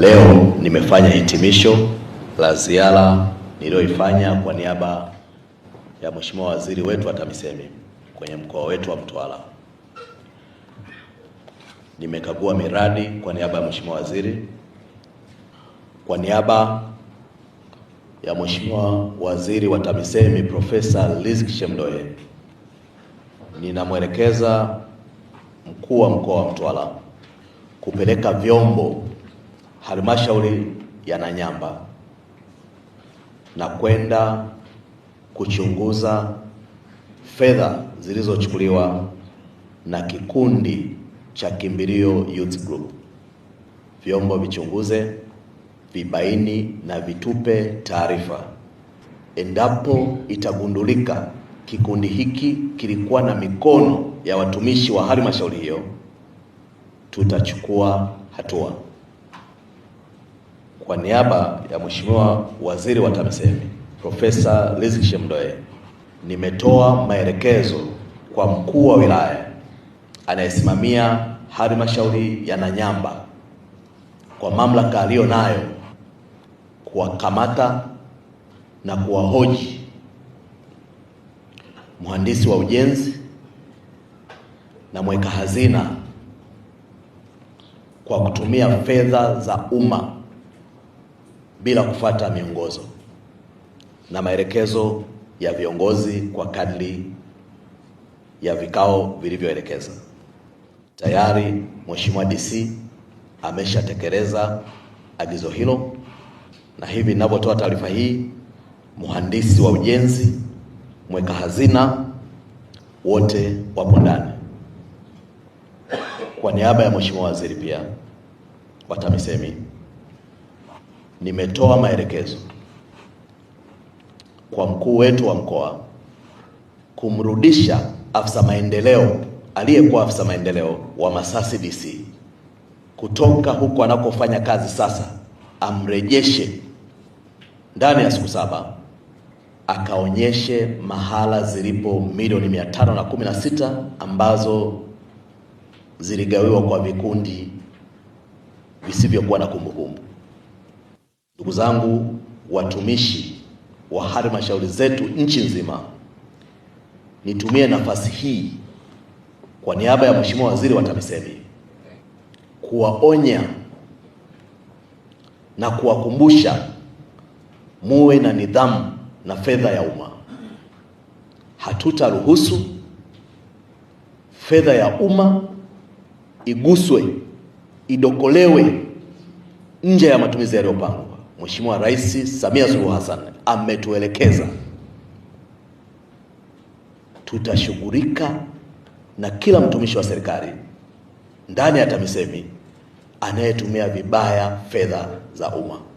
Leo nimefanya hitimisho la ziara niliyoifanya kwa niaba ya Mheshimiwa Waziri wetu wa TAMISEMI kwenye mkoa wetu wa Mtwara. Nimekagua miradi kwa niaba ya Mheshimiwa Waziri, kwa niaba ya Mheshimiwa Waziri wa TAMISEMI Profesa Riziki Shemdoe, ninamwelekeza mkuu wa mkoa wa Mtwara kupeleka vyombo halmashauri ya Nanyamba na kwenda kuchunguza fedha zilizochukuliwa na kikundi cha Kimbilio Youth Group. Vyombo vichunguze, vibaini na vitupe taarifa. Endapo itagundulika kikundi hiki kilikuwa na mikono ya watumishi wa halmashauri hiyo, tutachukua hatua kwa niaba ya Mheshimiwa Waziri wa TAMISEMI Profesa Riziki Shemdoe, nimetoa maelekezo kwa mkuu wa wilaya anayesimamia halmashauri ya Nanyamba kwa mamlaka aliyo nayo kuwakamata na kuwahoji mhandisi wa ujenzi na mweka hazina kwa kutumia fedha za umma bila kufuata miongozo na maelekezo ya viongozi kwa kadri ya vikao vilivyoelekeza. Tayari Mheshimiwa DC ameshatekeleza agizo hilo, na hivi ninavyotoa taarifa hii, mhandisi wa ujenzi, mweka hazina wote wapo ndani. Kwa niaba ya Mheshimiwa Waziri pia wa TAMISEMI Nimetoa maelekezo kwa mkuu wetu wa mkoa kumrudisha afisa maendeleo aliyekuwa afisa maendeleo wa Masasi DC kutoka huko anakofanya kazi sasa, amrejeshe ndani ya siku saba akaonyeshe mahala zilipo milioni mia tano na kumi na sita ambazo ziligawiwa kwa vikundi visivyokuwa na kumbukumbu. Ndugu zangu watumishi wa halmashauri zetu nchi nzima, nitumie nafasi hii kwa niaba ya Mheshimiwa Waziri wa TAMISEMI kuwaonya na kuwakumbusha muwe na nidhamu na fedha ya umma. Hatutaruhusu fedha ya umma iguswe, idokolewe nje ya matumizi yaliyopangwa. Mheshimiwa Rais Samia Suluhu Hassan ametuelekeza tutashughulika na kila mtumishi wa serikali ndani ya TAMISEMI anayetumia vibaya fedha za umma.